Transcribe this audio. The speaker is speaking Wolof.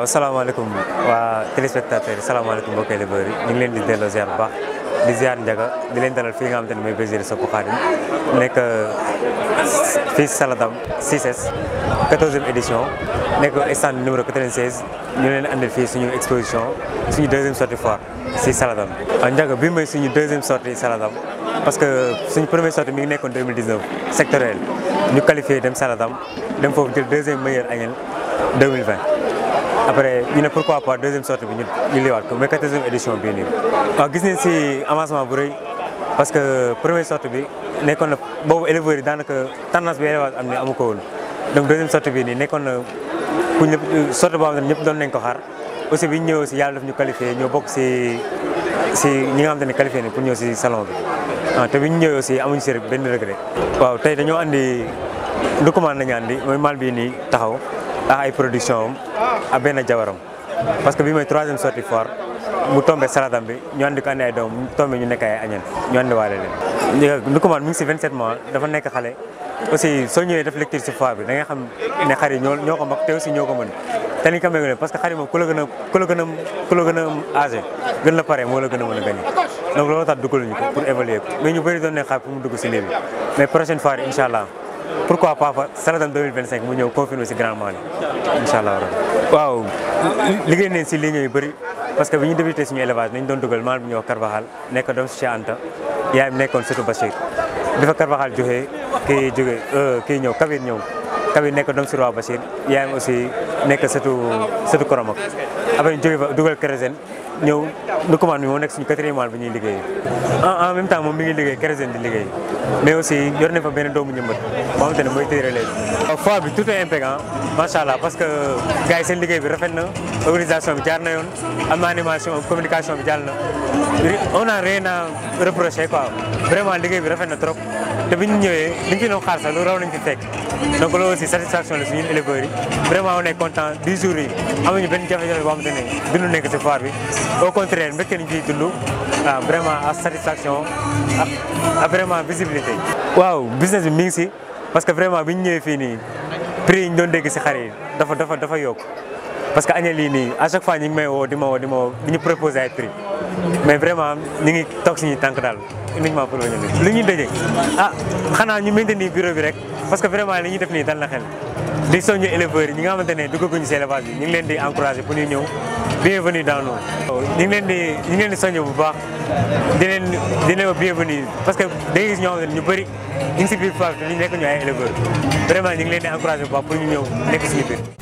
waaw salaamaaleykum waa téléspectateurs yi salaamaaleykum mbokki éleveurs yi ñu ngi leen di delloo ziar bu baax di ziar njaga di leen dalal fii nga xamante ne mooy bergerie Sopou Khadim nekk uh, fii Saladam 6S 14e édition nekk stand numéro 96 ñu leen andil fii suñu exposition suñu deuxièm sortie foire si Saladam. njaga bi mooy suñu deuxième sortie Saladam parce que suñu première sortie mi ngi nekkoon 2019 sectoriel ñu qualifié dem Saladam dem foofu jël deuxième meilleur agnel 2020. après ñu ne pourquoi pas deuxième sortie bi ñu ñu liwaat ko mais quatorzième édition bii nii waaw gis nañ si avancement bu rëy parce que première sortie bi nekkoon na boobu éleveurs yi daanaka tendance bi élevage am ni amu ko woon donc deuxième sortie bii nii nekkoon na ku ñëpp sortie boo xam ne ñëpp doon nañ ko xaar aussi bi ñu ñëwee si yàlla daf ñu qualifié ñoo bokk si si ñi nga xam te ne qualifié ni pour ñëw si salon bi ah te bi ñu ñëwee aussi amuñu si benn regret. waaw tey dañoo andi recommande nañu andi mooy mal bii nii taxaw. ak ah, ay production am ah, benn jabaram parce que bi mooy troisième sortie foire mu tombé saladam bi ñu andi ko andi ay doom mu tombé ñu nekk ay añan ñu andi waale leen. ñu commande ngi si 27 mois dafa nekk xale aussi soo ñëwee def lecture si foire bi da nga xam ne xar ñoo ko mag te aussi ñoo ko mën te liñ ko méngalee parce que xar moom ku la gën a gën la pare moo la gën a mën a gagné donc looloo tax duggaluñu ko pour évaluer mais ñu bëri doon pourquoi pas fa Saladam 2025 mu ñëw confirmer si Grand Mali incha allah waaw liggéey nañ si ligne yu bëri parce que bi ñu débuté suñu élevage nañ doon dugal maanaam bu ñuy wax Carvajal nekk doom si Anta yaayam nekkoon surtout Bachir bi fa Carvajal joxee kii jóge euh, kii ñëw Kabir ñëw Kabir nekk doom si Roi Bachir yaayam aussi nekk surtout surtout Koromok après ñu fa dugal Kérésène ñëw de commande bi moo nekk suñu quatrième mois bi ñuy liggéey en en même temps moom mi ngi liggéey keroog di liggéey mais aussi yor na fa benn doomu njëmbat boo xamante ne mooy tëjee léegi. foire bi tout est impeccable macha parce que gars yi seen liggéey bi rafet na organisation bi jaar na yoon am na animation communication bi jàll na on a rien à reprocher quoi vraiment liggéey bi rafet na trop te bi ñu ñëwee li ñu ci xaar sax lu raw lañ ci fekk. aussi satisfaction on est content 10 jours yi amuñu benn jafe-jafe boo xamante ne dund nekk si foire bi. au contraire mbégte lañ ciy dund waaw ah, vraiment à satisfaction a vraiment visibilité. waaw business bi mi ngi si parce que vraiment bi ñu ñëwee fii nii prix yi doon dégg si xar yi dafa dafa dafa yokk parce que année yii nii à chaque fois ñu may woo di ma woo di ma ñu proposé ay prix mais vraiment ñu ngi toog suñuy tànk daal uniquement pour lu ñu dëjee ah xanaa ñu maintenir bureau bi rek parce que vraiment li ñuy def nii dal na xel. di soññu éleveurs yi ñi nga xamante ne duggaguñu si élevage bi ñu ngi leen di encouragé pour ñu ñëw bienvenue dans nous. ñu ngi leen di ñu bu baax di leen di leen bienvenue parce que day gis ñoo xam ne ñu bëri ñu si biir Fass ñu nekk ñu ay éleveurs vraiment ñu ngi leen di encouragé bu baax pour ñu ñëw nekk suñu biir.